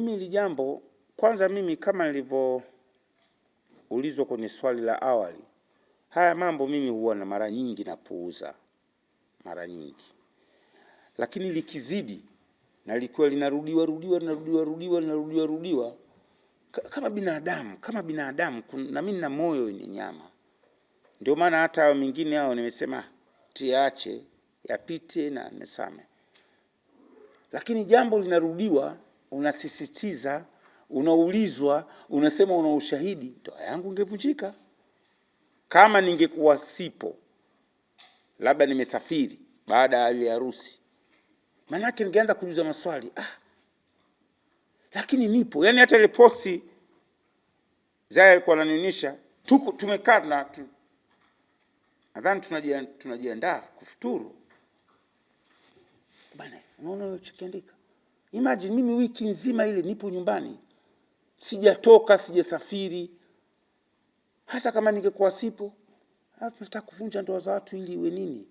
mimi ili jambo kwanza, mimi kama nilivyoulizwa kwenye swali la awali, haya mambo mimi huwa na mara nyingi napuuza mara nyingi, lakini likizidi na likiwa linarudiwa rudiwa linarudiwa rudiwa linarudiwa rudiwa, kama binadamu kama binadamu, na mimi na moyo ni nyama. Ndio maana hata hao mingine hao nimesema tiache yapite na nisame, lakini jambo linarudiwa unasisitiza, unaulizwa, unasema una ushahidi, ndoa yangu ingevunjika kama ningekuwa sipo, labda nimesafiri baada ya ile harusi, maanake ningeanza kujuza maswali ah, lakini nipo. Yani hata ile posti zaya alikuwa ananionyesha, tuko tumekaa na tu, nadhani tunajiandaa tunajia kufuturu bana, unaona chikiandika Imagine mimi wiki nzima ile nipo nyumbani, sijatoka, sijasafiri. Hasa kama ningekuwa sipo, tunataka kuvunja ndoa za watu ili iwe nini?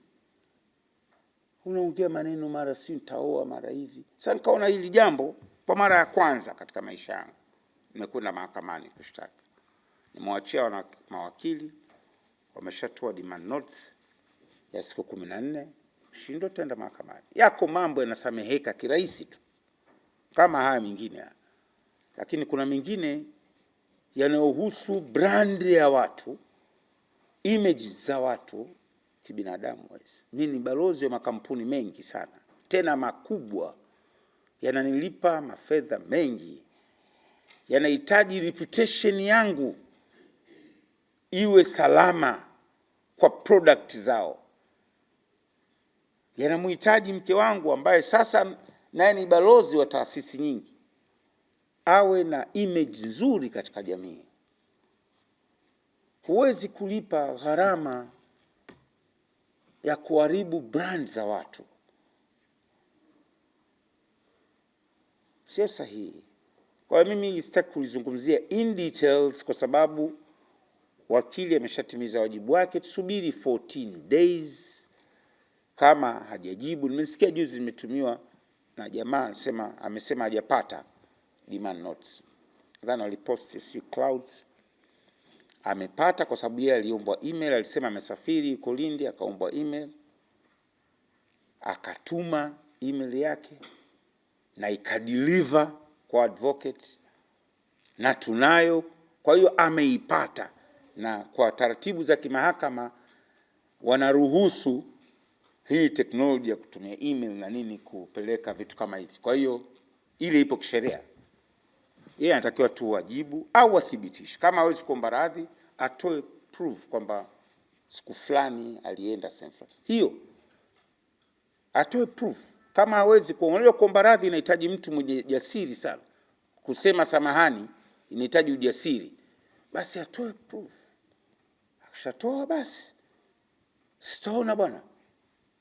Unaongea maneno mara si nitaoa mara hivi. Sasa nikaona hili jambo kwa mara ya kwanza katika maisha yangu, nimekwenda mahakamani kushtaki. Nimewachia mawakili, wameshatoa demand notes ya siku kumi na nne. Shindwa tenda mahakamani, yako mambo yanasameheka kirahisi tu kama haya mengine, lakini kuna mengine yanayohusu brand ya watu, image za watu kibinadamu. Mimi ni balozi wa makampuni mengi sana tena makubwa, yananilipa mafedha mengi, yanahitaji reputation yangu iwe salama kwa product zao, yanamhitaji mke wangu ambaye sasa naye ni balozi wa taasisi nyingi, awe na image nzuri katika jamii. Huwezi kulipa gharama ya kuharibu brand za watu, sio sahihi. Kwa hiyo mimi sitaki kulizungumzia in details kwa sababu wakili ameshatimiza wajibu wake, tusubiri 14 days kama hajajibu. Nimesikia juzi zimetumiwa na jamaa sema, amesema hajapata demand notes, nadhani walipost si clouds. Amepata kwa sababu yeye aliombwa email, alisema amesafiri yuko Lindi, akaombwa email akatuma email yake na ikadeliver kwa advocate na tunayo. Kwa hiyo ameipata, na kwa taratibu za kimahakama wanaruhusu hii teknolojia ya kutumia email na nini kupeleka vitu kama hivi. Kwa hiyo ile ipo kisheria, yeye anatakiwa tu wajibu au athibitishe. Kama hawezi kuomba radhi, atoe proof kwamba siku fulani alienda sehemu fulani, hiyo atoe proof. Kama hawezi kuongolewa, kuomba radhi inahitaji mtu mwenye jasiri sana, kusema samahani inahitaji ujasiri, basi atoe proof. Akishatoa basi, sitaona bwana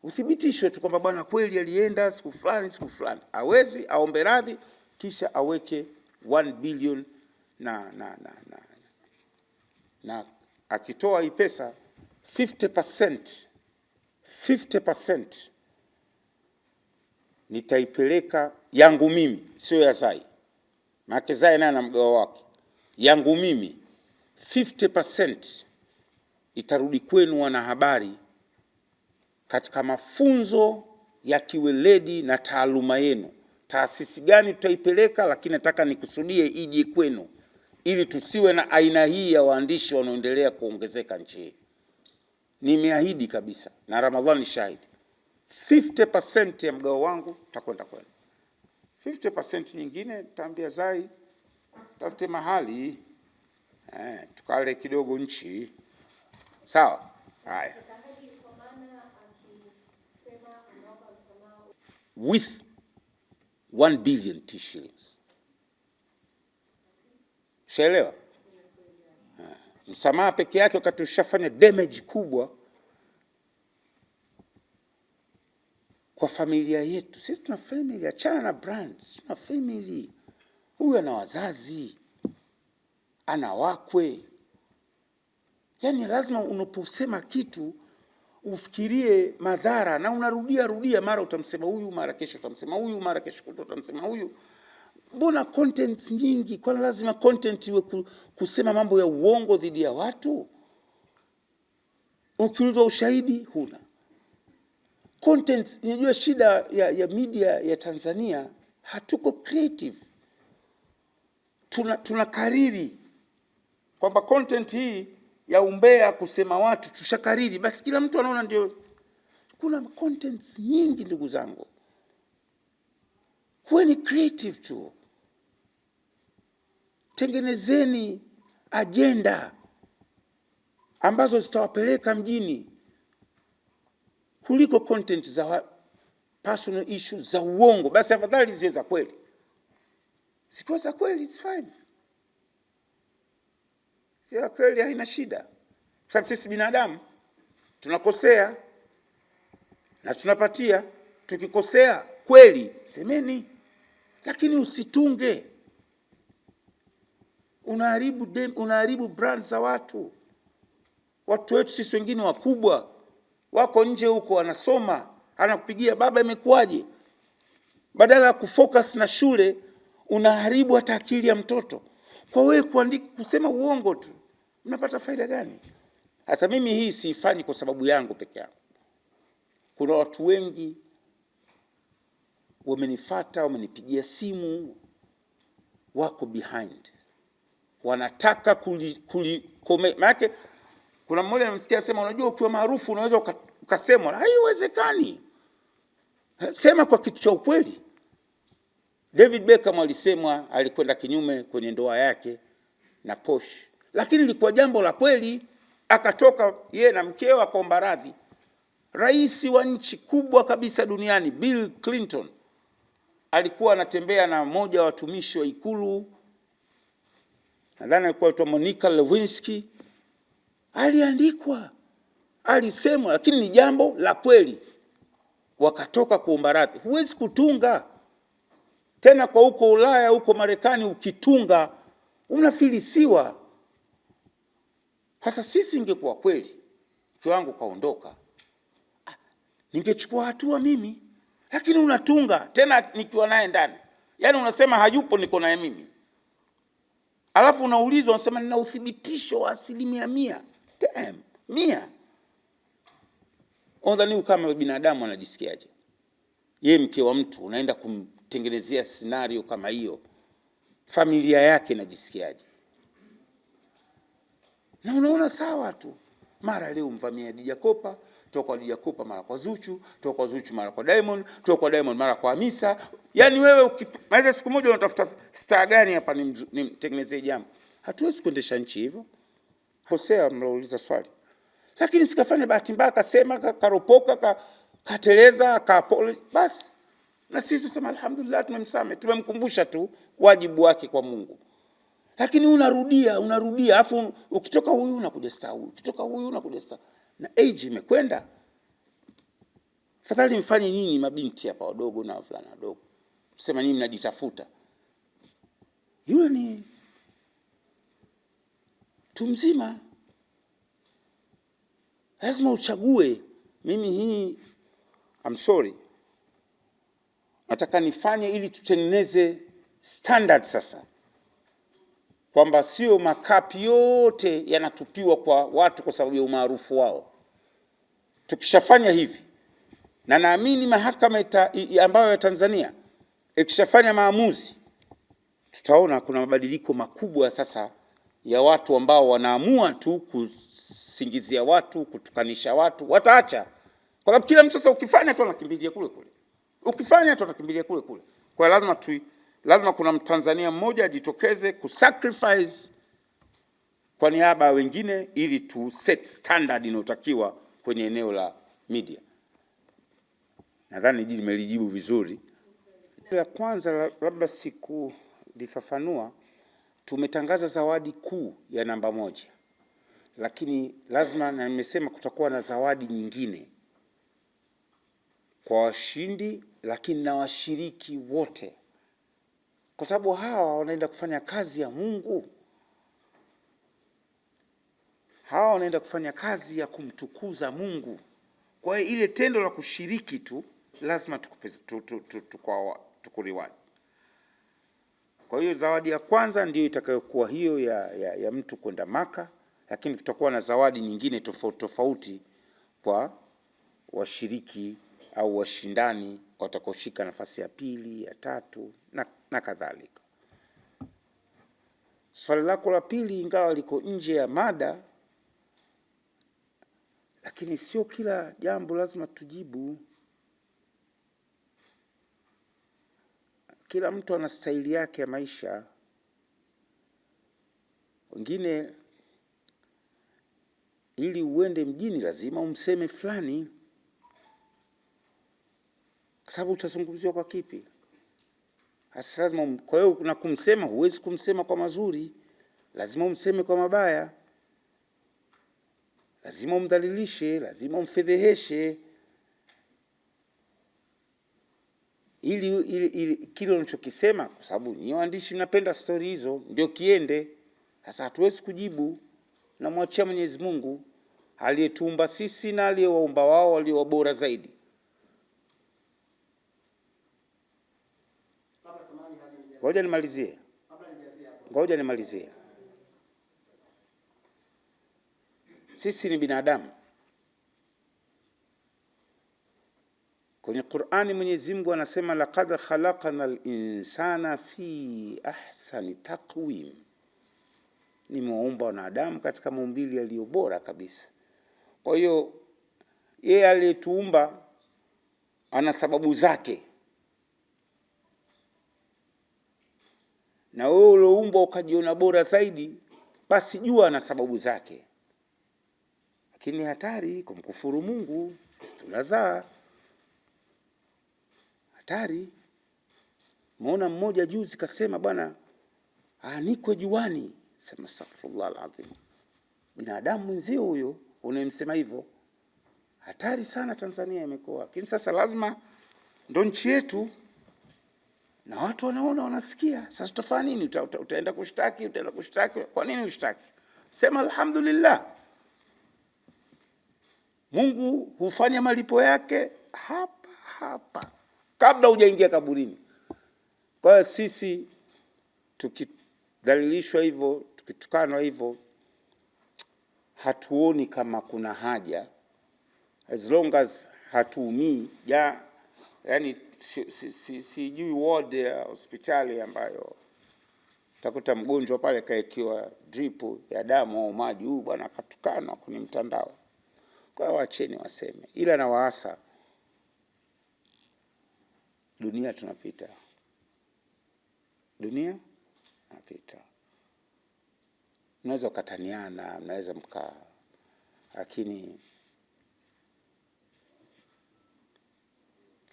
uthibitishwe tu kwamba bwana kweli alienda siku fulani siku fulani, awezi aombe radhi, kisha aweke 1 billion na, na, na, na, na akitoa hii pesa 50%, 50% nitaipeleka yangu mimi, sio ya Zai, maana Zai naye na mgao wake. Yangu mimi 50% itarudi kwenu wanahabari katika mafunzo ya kiweledi na taaluma yenu. Taasisi gani tutaipeleka, lakini nataka nikusudie ije kwenu, ili tusiwe na aina hii ya waandishi wanaoendelea kuongezeka nchi hii. Nimeahidi kabisa na Ramadhani shahidi, 50% ya mgao wangu takwenda kwenu, 50% nyingine taambia zai tafute mahali eh, tukale kidogo nchi. Sawa, haya. with 1 billion shillings. Shaelewa? Msamaha peke yake wakati ushafanya damage kubwa kwa familia yetu. Sisi tuna family, achana na brands, tuna family. Huyu ana wazazi, ana wakwe. Yaani lazima unaposema kitu ufikirie madhara, na unarudia rudia, mara utamsema huyu, mara kesho utamsema huyu, mara kesho kutwa utamsema huyu. Mbona content nyingi? Kwani lazima content iwe kusema mambo ya uongo dhidi ya watu? Ukiulizwa ushahidi huna content. Inajua shida ya, ya media ya Tanzania, hatuko creative, tuna, tuna kariri kwamba content hii ya umbea kusema watu tushakariri, basi kila mtu anaona ndio. Kuna contents nyingi ndugu zangu, kuweni creative tu, tengenezeni ajenda ambazo zitawapeleka mjini kuliko content za personal issues za uongo. Basi afadhali ziwe za kweli, zikiwa za kweli it's fine ya kweli haina shida, kwa sababu sisi binadamu tunakosea na tunapatia. Tukikosea kweli, semeni, lakini usitunge. Unaharibu unaharibu brand za watu. Watu wetu sisi wengine wakubwa wako nje huko, wanasoma, anakupigia baba, imekuwaje? Badala ya kufocus na shule, unaharibu hata akili ya mtoto kwa wewe kuandika, kusema uongo tu mnapata faida gani? Hasa mimi hii siifanyi kwa sababu yangu peke yangu. Kuna watu wengi wamenifata, wamenipigia simu, wako behind, wanataka maanake. Kuna mmoja namsikia sema unajua ukiwa maarufu unaweza ukasemwa. Haiwezekani, sema kwa kitu cha ukweli. David Beckham alisemwa, alikwenda kinyume kwenye ndoa yake na Porsche lakini lilikuwa jambo la kweli. Akatoka yeye na mkeo akaomba radhi. Rais wa nchi kubwa kabisa duniani Bill Clinton alikuwa anatembea na mmoja wa watumishi wa Ikulu, nadhani alikuwa aitwa Monica Lewinsky. Aliandikwa, alisemwa, lakini ni jambo la kweli. Wakatoka kuomba radhi. Huwezi kutunga tena kwa huko Ulaya, huko Marekani, ukitunga unafilisiwa. Hasa sisi, ingekuwa kweli mke wangu kaondoka, ah, ningechukua hatua mimi, lakini unatunga tena nikiwa naye ndani, yaani unasema hayupo, niko naye mimi, alafu unaulizwa, unasema nina uthibitisho wa asilimia mia Damn, mia. Unadhani kama binadamu anajisikiaje? Ye mke wa mtu unaenda kumtengenezea scenario kama hiyo, familia yake inajisikiaje? na unaona sawa tu, mara leo mvamia Dija Kopa, toka kwa Dija Kopa mara kwa Zuchu, toka kwa Zuchu mara kwa Diamond, toka kwa Diamond mara kwa Hamisa. Yani wewe ukimaliza siku moja unatafuta star gani hapa nimtengenezee jambo? Hatuwezi kuendesha nchi hivyo. Hosea mlauliza swali, lakini sikafanya bahati mbaya, akasema karopoka, ka, kateleza ka basi, na sisi tusema alhamdulillah, tumemsame tumemkumbusha tu wajibu wake kwa Mungu lakini unarudia unarudia, afu ukitoka huyu unakuja sta huyu, ukitoka huyu unakuja sta, na age imekwenda. Fadhali mfanye nyinyi mabinti hapa wadogo na fulana wadogo, msema nyinyi mnajitafuta, yule ni mtu mzima, lazima uchague. Mimi hii I'm sorry, nataka nifanye ili tutengeneze standard sasa kwamba sio makapi yote yanatupiwa kwa watu kwa sababu ya umaarufu wao. Tukishafanya hivi, na naamini mahakama ita, ambayo ya Tanzania ikishafanya maamuzi, tutaona kuna mabadiliko makubwa sasa ya watu ambao wanaamua tu kusingizia watu, kutukanisha watu, wataacha kwa sababu kila mtu sasa, ukifanya tu anakimbilia kule kule, ukifanya tu anakimbilia kule kule, kwa lazima tu lazima kuna Mtanzania mmoja ajitokeze kusacrifice kwa niaba ya wengine ili tu set standard inayotakiwa kwenye eneo la media. Nadhani nimelijibu vizuri. La kwanza labda sikulifafanua, tumetangaza zawadi kuu ya namba moja, lakini lazima na nimesema kutakuwa na zawadi nyingine kwa washindi, lakini na washiriki wote kwa sababu hawa wanaenda kufanya kazi ya Mungu, hawa wanaenda kufanya kazi ya kumtukuza Mungu. Kwa hiyo ile tendo la kushiriki tu lazima tukuliwani. Kwa hiyo zawadi ya kwanza ndiyo itakayokuwa hiyo ya, ya, ya mtu kwenda Maka, lakini tutakuwa na zawadi nyingine tofauti tofauti kwa washiriki au washindani watakaoshika nafasi ya pili, ya tatu na, na kadhalika. Swali lako la pili, ingawa liko nje ya mada, lakini sio kila jambo lazima tujibu. Kila mtu ana staili yake ya maisha. Wengine ili uende mjini lazima umseme fulani kwa sababu utazungumziwa kwa kipi? Hasa lazima. Um, kwa hiyo na kumsema, huwezi kumsema kwa mazuri, lazima umseme kwa mabaya, lazima umdhalilishe, lazima umfedheheshe, ili, ili, ili kile unachokisema, kwa sababu nyinyi waandishi mnapenda stori hizo, ndio kiende. Sasa hatuwezi kujibu, namwachia Mwenyezi Mungu aliyetuumba sisi na aliyewaumba wao walio bora zaidi. Ngoja nimalizie, ngoja nimalizie. Sisi ni binadamu. Kwenye Qur'ani Mwenyezi Mungu anasema laqad khalaqna al-insana fi ahsani taqwim, nimewaumba wanadamu katika maumbili yaliyo bora kabisa. Kwa hiyo yeye aliyetuumba ana sababu zake. na wewe uloumbwa ukajiona bora zaidi, basi jua na sababu zake, lakini hatari kumkufuru Mungu. Sisi tunazaa hatari. Umeona mmoja juzi kasema bwana anikwe juani, sema astaghfirullah alazim. Binadamu mwenzio huyo unayemsema hivyo, hatari sana. Tanzania imekuwa lakini sasa lazima ndo nchi yetu na watu wanaona wanasikia. Sasa tutafanya nini? Uta, uta, utaenda kushtaki, utaenda kushtaki. Kwa nini ushtaki? Sema alhamdulillah, Mungu hufanya malipo yake hapa hapa kabla hujaingia kaburini. Kwa hiyo sisi tukidhalilishwa hivyo, tukitukanwa hivyo, hatuoni kama kuna haja as long as hatuumii ya, yani sijui si, si, si, ward ya hospitali ambayo takuta mgonjwa pale kaekiwa drip ya damu au maji, huyu bwana akatukana kwenye mtandao. Kwa hiyo wacheni waseme, ila na waasa, dunia tunapita, dunia tunapita. Mnaweza ukataniana, mnaweza mka, lakini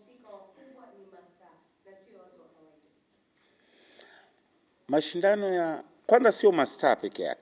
wahusika wakubwa ni na sio watu wa kawaida. Mashindano ya kwanza sio mastaa peke yake,